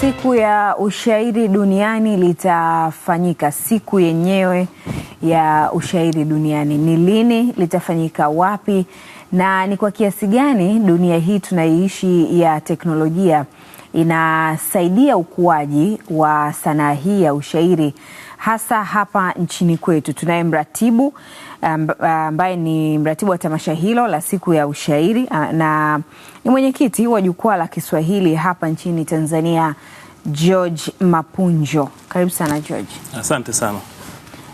Siku ya ushairi duniani litafanyika, siku yenyewe ya ushairi duniani ni lini? Litafanyika wapi? Na ni kwa kiasi gani dunia hii tunaiishi ya teknolojia inasaidia ukuaji wa sanaa hii ya ushairi hasa hapa nchini kwetu? Tunaye mratibu ambaye ni mratibu wa tamasha hilo la siku ya ushairi na ni mwenyekiti wa jukwaa la Kiswahili hapa nchini Tanzania, George Mapunjo. Karibu sana George. Asante sana.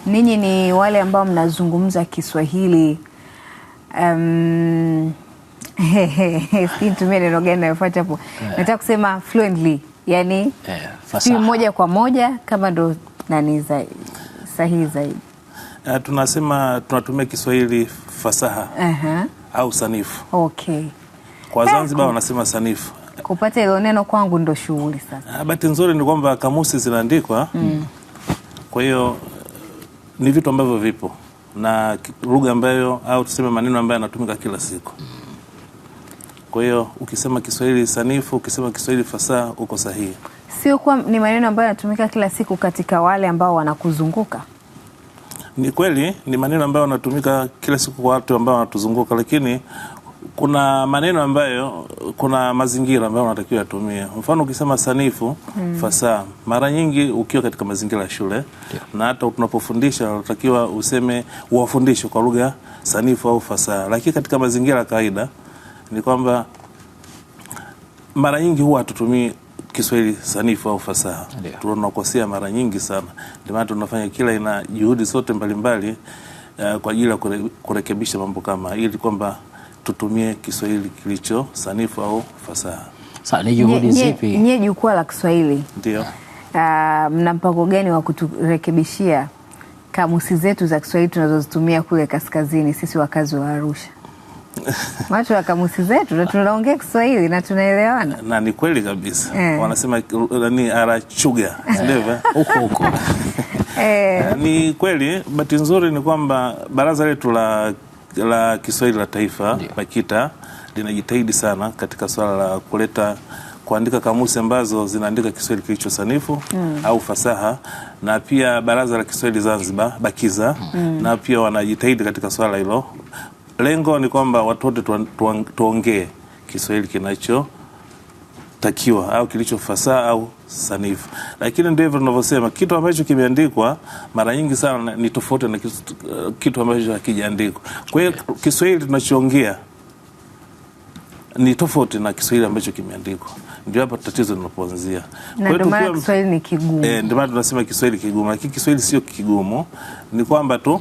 Ninyi ni wale ambao mnazungumza Kiswahili um, nitumie neno gani nayofuata hapo? Yeah. Nataka kusema fluently, yani yeah, si moja kwa moja kama ndo nani sahihi zaidi uh, tunasema tunatumia Kiswahili fasaha uh-huh. au sanifu okay. Kwa eh, Zanzibar wanasema sanifu. Kupata hilo neno kwangu ndo shughuli sasa. Ah, bahati nzuri ni kwamba kamusi zinaandikwa mm. Kwa hiyo eh, ni vitu ambavyo vipo na lugha ambayo au tuseme maneno ambayo yanatumika kila siku. Kwa hiyo ukisema Kiswahili sanifu, ukisema Kiswahili fasaha, uko sahihi. Sio kwa ni maneno ambayo yanatumika kila siku katika wale ambao wanakuzunguka. Ni kweli ni maneno ambayo yanatumika kila siku kwa watu ambao wanatuzunguka, lakini kuna maneno ambayo kuna mazingira ambayo unatakiwa yatumie. Mfano, ukisema sanifu mm. fasaha, mara nyingi ukiwa katika mazingira ya shule yeah. na hata tunapofundisha unatakiwa useme, uwafundishe kwa lugha sanifu au fasaha, lakini katika mazingira ya kawaida ni kwamba mara nyingi huwa hatutumii Kiswahili sanifu au fasaha. Tunakosea mara nyingi sana, ndio maana tunafanya kila ina juhudi zote mbalimbali uh, kwa ajili ya kure, kurekebisha mambo kama ili kwamba tutumie Kiswahili kilicho sanifu au fasaha. Sasa ni juhudi zipi nyie jukwaa la Kiswahili? Ndio. Uh, mna mpango gani wa kuturekebishia kamusi zetu za Kiswahili tunazozitumia kule kaskazini, sisi wakazi wa Arusha? watu wa kamusi zetu tunaongea Kiswahili na tunaelewana, na ni kweli kabisa eh. Wanasema nani arachuga huko huko eh. Ni kweli. Bahati nzuri ni kwamba baraza letu la, la Kiswahili la Taifa BAKITA linajitahidi sana katika swala la kuleta kuandika kamusi ambazo zinaandika Kiswahili kilicho sanifu mm. au fasaha na pia baraza la Kiswahili Zanzibar BAKIZA mm. na pia wanajitahidi katika swala hilo lengo ni kwamba watu wote tuongee Kiswahili kinachotakiwa au kilicho fasaha au sanifu, lakini ndio hivyo tunavyosema, kitu ambacho kimeandikwa mara nyingi sana ni tofauti na kitu, ambacho hakijaandikwa. Kwa hiyo Kiswahili tunachoongea ni tofauti na Kiswahili ambacho kimeandikwa. Ndio hapa tatizo linapoanzia. Eh, ndio maana tunasema Kiswahili kigumu, lakini Kiswahili sio kigumu, ni kwamba tu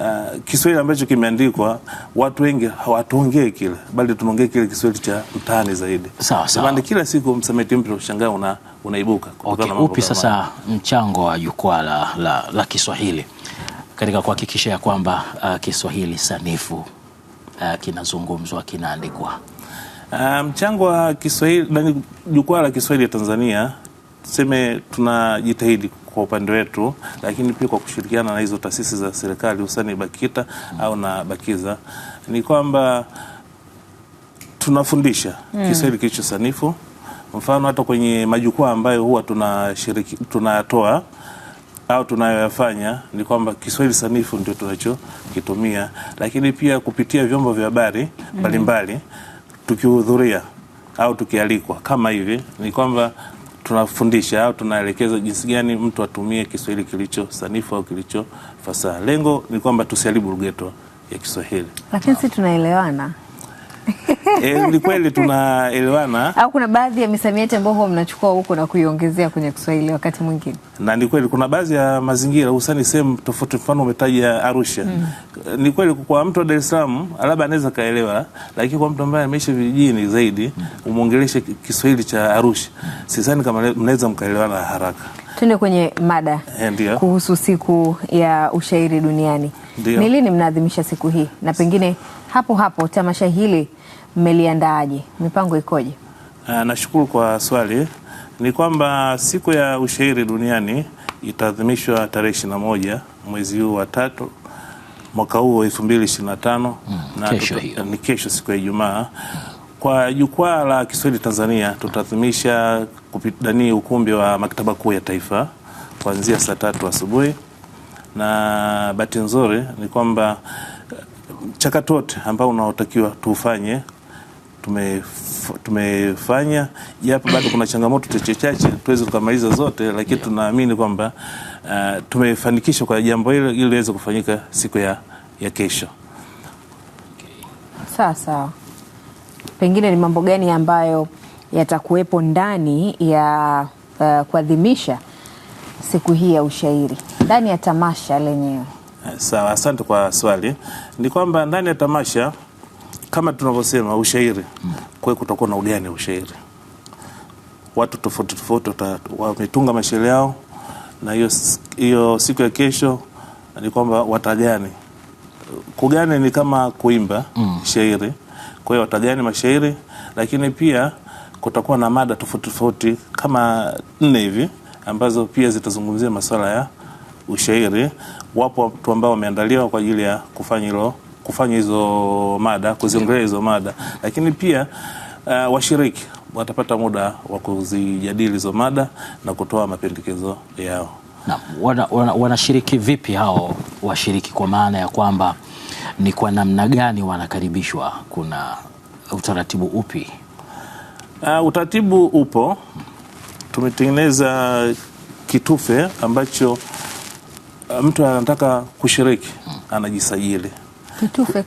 uh, Kiswahili ambacho kimeandikwa, watu wengi hawatuongee kile, bali tunaongee kile Kiswahili cha mtaani zaidi. Sawa sawa, kila siku msamiati mpya ushangaa una, unaibuka. Okay, upi sasa mchango wa jukwaa la, la, la Kiswahili katika kuhakikisha ya kwamba uh, Kiswahili sanifu uh, kinazungumzwa kinaandikwa mchango um, wa Kiswahili jukwaa la Kiswahili ya Tanzania tuseme tunajitahidi kwa upande wetu, lakini pia kwa kushirikiana na hizo taasisi za serikali hususani BAKITA au na BAKIZA ni kwamba tunafundisha mm. Kiswahili kilicho sanifu. Mfano hata kwenye majukwaa ambayo huwa tunashiriki au tunayoyafanya ni kwamba Kiswahili sanifu ndio tunachokitumia, lakini pia kupitia vyombo vya habari hmm. mbalimbali mm. tukihudhuria au tukialikwa kama hivi, ni kwamba tunafundisha au tunaelekeza jinsi gani mtu atumie Kiswahili kilicho sanifu au kilicho fasaha. Lengo ni kwamba tusiharibu lugha yetu ya Kiswahili, lakini si tunaelewana e, kweli tunaelewana au kuna baadhi ya misamiati ambayo huwa mnachukua huko na kuiongezea kwenye Kiswahili wakati mwingine? Na ni kweli kuna baadhi ya mazingira hususani sehemu tofauti, mfano umetaja Arusha mm. Ni kweli kwa mtu wa Dar es Salaam labda anaweza kaelewa, lakini kwa mtu ambaye ameishi vijijini zaidi umwongeleshe Kiswahili cha Arusha, sidhani kama mnaweza mkaelewana haraka. Tuende kwenye mada eh, Ndiyo. kuhusu siku ya ushairi duniani. Ni lini mnaadhimisha siku hii? Na pengine hapo hapo tamasha hili mmeliandaaje? Mipango ikoje? Ah, nashukuru kwa swali. Ni kwamba siku ya ushairi duniani itaadhimishwa tarehe ishirini na moja mwezi huu wa tatu mwaka huu elfu mbili ishirini na tano hmm, na ni kesho, siku ya Ijumaa. Kwa jukwaa la Kiswahili Tanzania tutaadhimisha kupitani ukumbi wa maktaba kuu ya Taifa kuanzia saa tatu asubuhi, na bahati nzuri ni kwamba eh, mchakato wote ambao unaotakiwa tuufanye tumefanya, japo bado kuna changamoto chache chache, tuweze tukamaliza zote, lakini tunaamini kwamba uh, tumefanikisha kwa jambo hilo ili liweze kufanyika siku ya, ya kesho. Sawa sawa, pengine ni mambo gani ambayo yatakuwepo ndani ya uh, kuadhimisha siku hii ya ushairi ndani ya tamasha lenyewe? Sawa, asante kwa swali. Ni kwamba ndani ya tamasha kama tunavyosema ushairi mm. Kwa kutakuwa na ugani ushairi, watu tofauti tofauti wametunga mashairi yao, na hiyo hiyo siku ya kesho ni kwamba watagani. Kugani ni kama kuimba mm. shairi, kwa hiyo watagani mashairi, lakini pia kutakuwa na mada tofauti tofauti kama nne hivi ambazo pia zitazungumzia masuala ya ushairi. Wapo watu ambao wameandaliwa kwa ajili ya kufanya hilo kufanya hizo mada, kuziongelea hizo mada, lakini pia uh, washiriki watapata muda wa kuzijadili hizo mada na kutoa mapendekezo yao. Na, wana, wana, wanashiriki vipi hao washiriki, kwa maana ya kwamba ni kwa namna gani wanakaribishwa? Kuna utaratibu upi? Uh, utaratibu upo. Tumetengeneza kitufe ambacho eh, mtu anataka kushiriki anajisajili. Kitufe,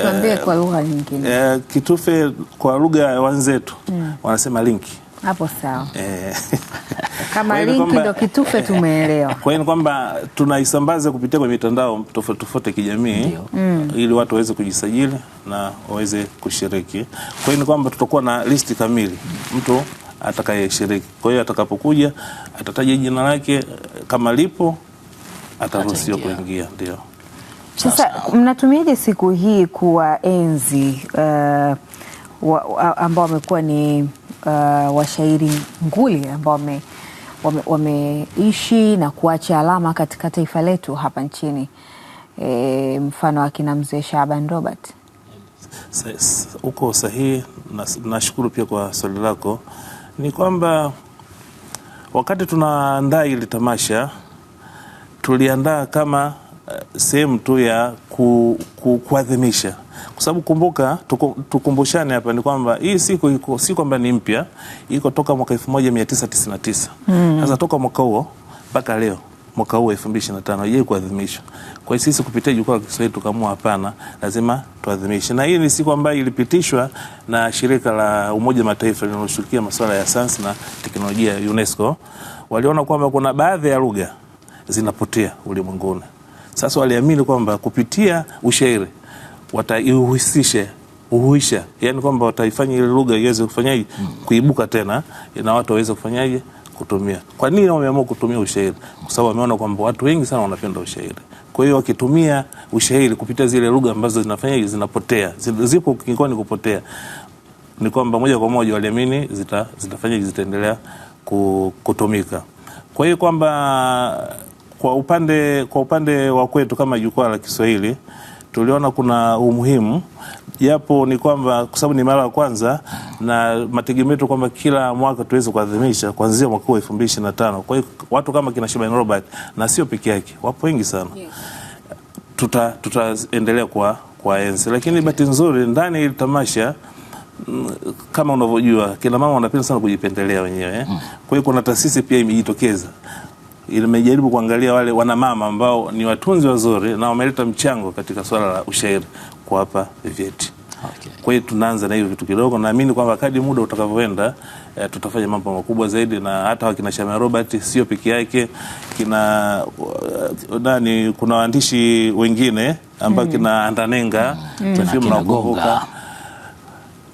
tuambie kwa lugha nyingine. Eh, eh, kitufe kwa lugha ya wenzetu mm. wanasema linki hapo sawa. Eh. Kama linki ndo kitufe tumeelewa. Kwa hiyo ni kwamba tunaisambaza kupitia kwenye mitandao tofauti tofauti ya kijamii mm. ili watu waweze kujisajili na waweze kushiriki. Kwa hiyo ni kwamba tutakuwa na listi kamili mtu atakayeshiriki. Kwa hiyo atakapokuja atataja jina lake, kama lipo ataruhusiwa kuingia, ndio. Sasa mnatumiaje siku hii kuwaenzi uh, wa, ambao wamekuwa ni uh, washairi nguli ambao wameishi wame, wame na kuacha alama katika taifa letu hapa nchini e, mfano akina mzee Shaaban Robert? Uko sahihi, nashukuru na pia kwa swali lako. Ni kwamba wakati tunaandaa ili tamasha tuliandaa kama sehemu tu ya ku, ku, kuadhimisha kwa sababu kumbuka, tukumbushane hapa ni kwamba hii siku iko si kwamba ni mpya, iko toka mwaka 1999 mm. sasa toka mwaka huo mpaka leo mwaka huu 2025 haijai kuadhimishwa. Kwa hiyo sisi kupitia jukwaa la Kiswahili tukaamua hapana, lazima tuadhimishe, na hii ni siku ambayo ilipitishwa na shirika la Umoja Mataifa linaloshughulikia masuala ya sayansi na teknolojia UNESCO. Waliona kwamba kuna baadhi ya lugha zinapotea ulimwenguni sasa waliamini kwamba kupitia ushairi wataihusishe uhuisha, yani kwamba wataifanya ile lugha iweze kufanyaje, kuibuka tena na watu waweze kufanyaje kutumia. Kwa nini wameamua kutumia ushairi? Kwa sababu wameona kwamba watu wengi sana wanapenda ushairi. Kwa hiyo wakitumia ushairi kupitia zile lugha ambazo zinafanya zinapotea, zipo kingoni kupotea, ni kwamba moja kwa moja waliamini zita, zitafanya zitaendelea kutumika. Kwa hiyo kwamba kwa upande, kwa upande wa kwetu kama jukwaa la Kiswahili tuliona kuna umuhimu japo ni kwamba kwa sababu ni mara ya kwanza na mategemeo yetu kwamba kila mwaka tuweze kuadhimisha kuanzia mwaka huu elfu mbili ishirini na tano. Kwa hiyo watu kama kina Shaban Robert na sio peke yake, wapo wengi sana tuta tutaendelea kwa kwa enzi, lakini bahati nzuri ndani ya tamasha kama unavyojua kina mama wanapenda sana kujipendelea wenyewe. Mm. Kwa hiyo kuna taasisi pia imejitokeza imejaribu kuangalia wale wanamama ambao ni watunzi wazuri na wameleta mchango katika swala la ushairi kuwapa vyeti. Okay. Kwa hiyo tunaanza na hiyo vitu kidogo, naamini kwamba kadri muda utakavyoenda e, tutafanya mambo makubwa zaidi, na hata wakina Shamia Robert sio peke yake, kina eh, nani, kuna waandishi wengine ambao mm. kina Andanenga mm. na na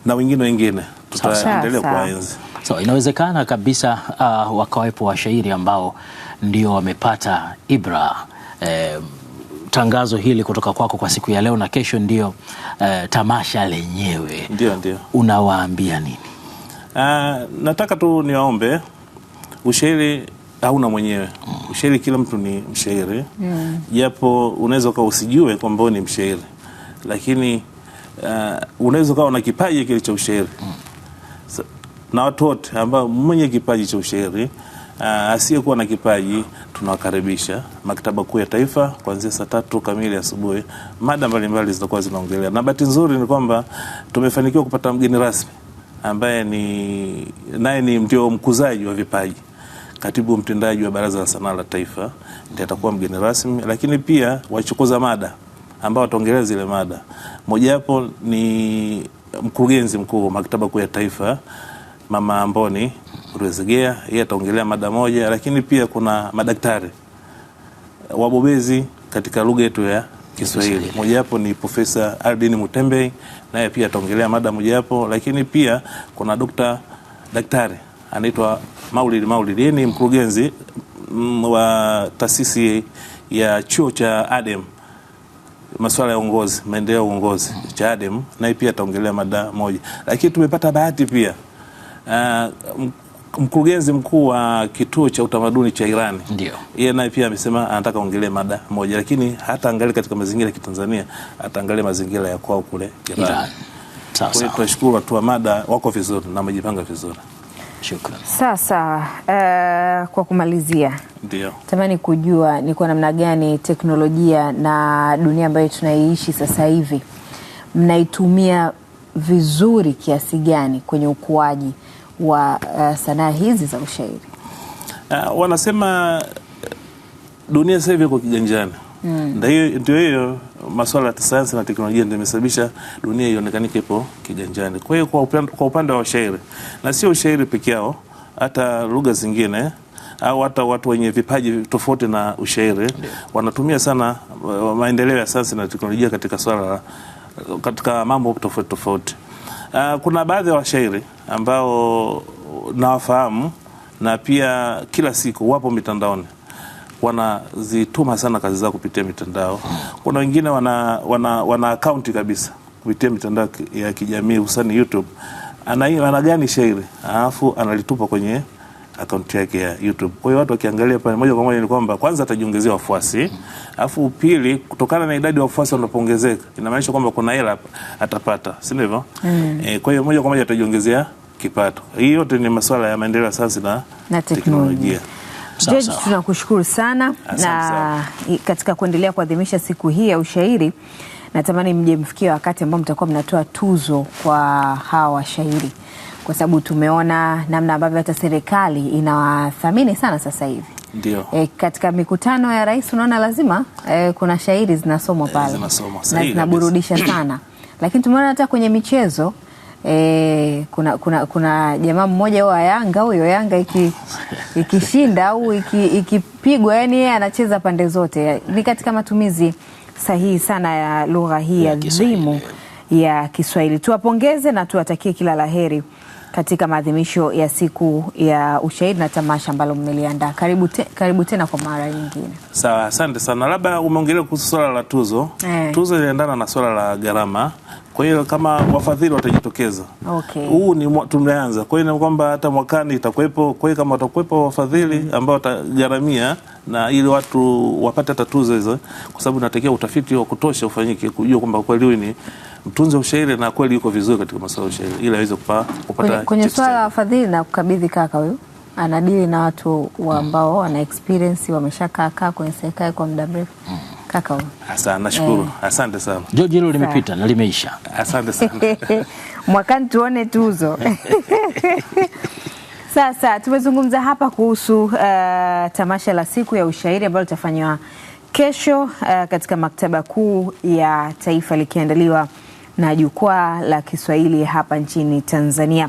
na wengine wengine, tutaendelea kuwaenzi. So inawezekana kabisa uh, wakawepo washairi ambao ndio wamepata ibra eh, tangazo hili kutoka kwako kwa siku ya leo na kesho ndio eh, tamasha lenyewe. Ndio, ndio. Unawaambia nini? Uh, nataka tu niwaombe ushairi hauna mwenyewe mm. Ushairi kila mtu ni mshairi mm. japo mm. Unaweza ukawa usijue kwamba ni mshairi lakini uh, unaweza ukawa na kipaji kile cha ushairi mm na watu wote ambao mwenye kipaji cha ushairi uh, asiyekuwa na kipaji tunawakaribisha maktaba kuu ya Taifa kuanzia saa tatu kamili asubuhi. Mada mbalimbali zitakuwa zinaongelea, na bahati nzuri ni kwamba tumefanikiwa kupata mgeni rasmi ambaye ni naye ni ndio mkuzaji wa vipaji, katibu mtendaji wa Baraza la Sanaa la Taifa ndiye atakuwa mgeni rasmi, lakini pia wachukuza mada ambao wataongelea zile mada. Mojawapo ni mkurugenzi mkuu wa maktaba kuu ya Taifa Mama Amboni Rwezegea, yeye ataongelea mada moja, lakini pia kuna madaktari wabobezi katika lugha yetu ya Kiswahili. Mojawapo ni Profesa Aldin Mutembei, naye pia ataongelea mada mojawapo, lakini pia kuna dokta daktari anaitwa Maulid Maulid, yeye ni mkurugenzi wa taasisi ya chuo cha Adem masuala ya uongozi, maendeleo ya uongozi cha Adem, naye pia ataongelea mada moja, lakini tumepata bahati pia Eh, mkurugenzi mkuu wa kituo cha utamaduni cha Irani ndio yeye naye pia amesema anataka ongelee mada moja, lakini hata angalie katika mazingira ya Kitanzania, ataangalia mazingira ya kwao kule Irani. Tunashukuru watu wa mada wako vizuri na wamejipanga vizuri. Shukran. Sasa uh, kwa kumalizia, ndio tamani kujua ni kwa namna gani teknolojia na dunia ambayo tunaiishi sasa hivi mnaitumia vizuri kiasi gani kwenye ukuaji wa uh, sanaa hizi za ushairi? Uh, wanasema eh, dunia sasa hivi iko kiganjani hmm. ndio hiyo masuala ya sayansi na teknolojia ndio imesababisha dunia ionekanike ipo kiganjani. Kwa hiyo kwa upande, kwa upande wa ushairi na sio ushairi peke yao, hata lugha zingine au hata watu wenye vipaji tofauti na ushairi yeah. wanatumia sana eh, maendeleo ya sayansi na teknolojia katika swala katika mambo tofauti tofauti. Uh, kuna baadhi ya washairi ambao nawafahamu na pia kila siku wapo mitandaoni wanazituma sana kazi zao kupitia mitandao. Kuna wengine wana, wana, wana akaunti kabisa kupitia mitandao ya kijamii hususani YouTube, anagani shairi alafu analitupa kwenye akaunti yake ya YouTube. Kwa hiyo watu wakiangalia pale moja kwa moja ni kwamba kwanza atajiongezea wafuasi, alafu pili, kutokana na idadi ya wafuasi wanapoongezeka, inamaanisha kwamba kuna hela atapata, si ndivyo? Mm. E, kwa hiyo moja kwa moja atajiongezea kipato. Hii yote ni masuala ya maendeleo ya sayansi na, na teknolojia. George, tunakushukuru sana na sana. Katika kuendelea kuadhimisha siku hii ya ushairi natamani mje mfikia wakati ambao mtakuwa mnatoa tuzo kwa hawa washairi kwa sababu tumeona namna ambavyo hata serikali inawathamini sana sasa hivi. Ndio. E, katika mikutano ya rais unaona lazima e, kuna shairi zinasomwa e, pale. Na zinaburudisha sana. Lakini tumeona hata kwenye michezo e, kuna kuna kuna jamaa mmoja wa Yanga huyo Yanga iki ikishinda au ikipigwa yani yeye anacheza pande zote. Ni katika matumizi sahihi sana ya lugha hii ya adhimu ya Kiswahili. Tuwapongeze na tuwatakie kila laheri katika maadhimisho ya siku ya ushahidi na tamasha ambalo mmeliandaa. Karibu, te, karibu tena kwa mara nyingine. Sawa, asante sana. Labda umeongelea kuhusu swala la tuzo eh. Tuzo iliendana na swala la gharama, kwa hiyo kama wafadhili watajitokeza, okay. Huu ni tumeanza, kwa hiyo ni kwamba hata mwakani itakuwepo. Kwa hiyo kama watakuwepo wafadhili mm. ambao watagharamia na ili watu wapate hata tuzo hizo, kwa sababu natakiwa utafiti wa kutosha ufanyike kujua kwamba kweli ni mtunzi wa ushairi na kweli yuko vizuri katika masuala ya ushairi ili aweze kupata. Kwenye swala la wafadhili na kukabidhi, kaka huyu anadili na watu mm. ambao mm. wana experience wameshakaa kaa kwenye serikali kwa muda mrefu. Mm. Kaka huyu, asante, nashukuru, eh. asante sana hilo limepita na limeisha, asante sana mwakani tuone tuzo Sasa tumezungumza hapa kuhusu uh, tamasha la siku ya ushairi ambalo litafanywa kesho uh, katika maktaba kuu ya taifa likiandaliwa na jukwaa la Kiswahili hapa nchini Tanzania.